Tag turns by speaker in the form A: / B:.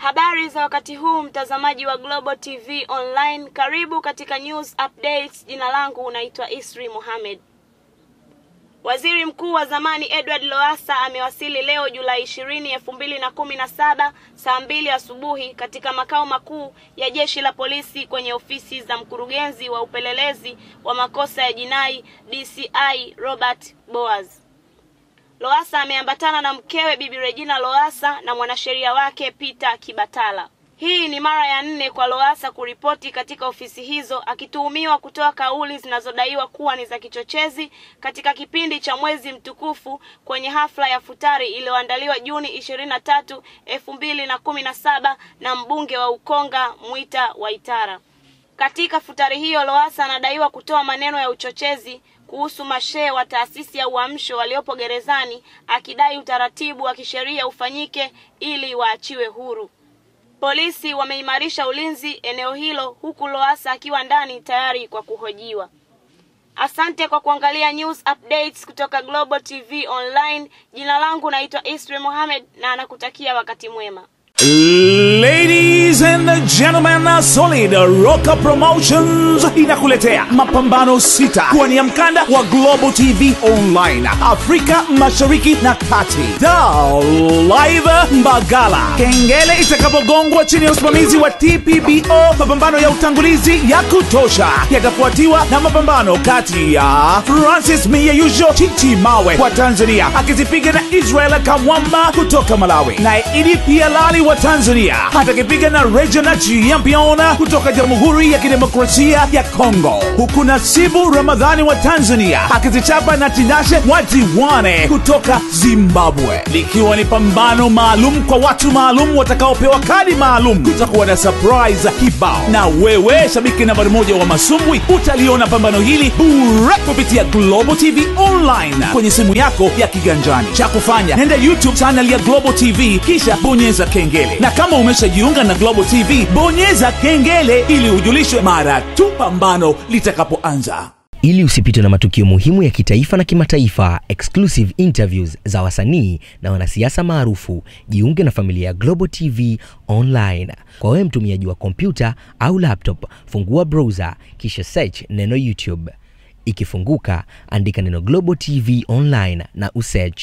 A: Habari za wakati huu mtazamaji wa Global TV Online, karibu katika news updates. Jina langu unaitwa Isri Mohamed. Waziri Mkuu wa zamani Edward Lowassa amewasili leo Julai 20, 2017 saa mbili asubuhi katika makao makuu ya Jeshi la Polisi kwenye ofisi za mkurugenzi wa upelelezi wa makosa ya jinai DCI Robert Boaz. Lowassa ameambatana na mkewe Bibi Regina Lowassa na mwanasheria wake Peter Kibatala. Hii ni mara ya nne kwa Lowassa kuripoti katika ofisi hizo akituhumiwa kutoa kauli zinazodaiwa kuwa ni za kichochezi katika kipindi cha mwezi mtukufu kwenye hafla ya futari iliyoandaliwa Juni ishirini na tatu elfu mbili na kumi na saba na mbunge wa Ukonga Mwita Waitara. Katika futari hiyo Lowassa anadaiwa kutoa maneno ya uchochezi kuhusu mashehe wa taasisi ya Uamsho waliopo gerezani akidai utaratibu wa kisheria ufanyike ili waachiwe huru. Polisi wameimarisha ulinzi eneo hilo huku Lowassa akiwa ndani tayari kwa kuhojiwa. Asante kwa kuangalia news updates kutoka Global TV Online. Jina langu naitwa Isri Mohamed na nakutakia wakati mwema. Ladies and gentlemen, Solid Rock Promotions inakuletea mapambano sita kuwania mkanda wa Global TV Online Afrika Mashariki na Kati. Da Live Mbagala. Kengele itakapogongwa chini ya usimamizi wa TPBO, mapambano ya utangulizi ya kutosha yatafuatiwa na mapambano kati ya Francis Miyeyusho Chichi Mawe wa Tanzania akizipiga na Israel Kamwamba kutoka Malawi, naye Idi Pia Lali wa Tanzania atakipiga na Regional Champion kutoka Jamhuri ya Kidemokrasia ya Kongo, huku Nasibu Ramadhani wa Tanzania akizichapa na Tinashe mwajiwane kutoka Zimbabwe, likiwa ni pambano maalum kwa watu maalum watakaopewa kadi maalum. Kutakuwa na surprise kibao, na wewe shabiki nambari moja wa masumbwi utaliona pambano hili bure kupitia Global TV Online kwenye simu yako ya kiganjani. Cha kufanya nenda YouTube channel ya Global TV, kisha bonyeza kenge kengele, na kama umeshajiunga na Global TV bonyeza kengele ili ujulishwe mara tu pambano litakapoanza.
B: Ili usipitwe na matukio muhimu ya kitaifa na kimataifa, exclusive interviews za wasanii na wanasiasa maarufu, jiunge na familia ya Global TV Online. Kwa wewe mtumiaji wa kompyuta au laptop, fungua browser kisha search neno YouTube. Ikifunguka, andika neno Global TV Online na usearch.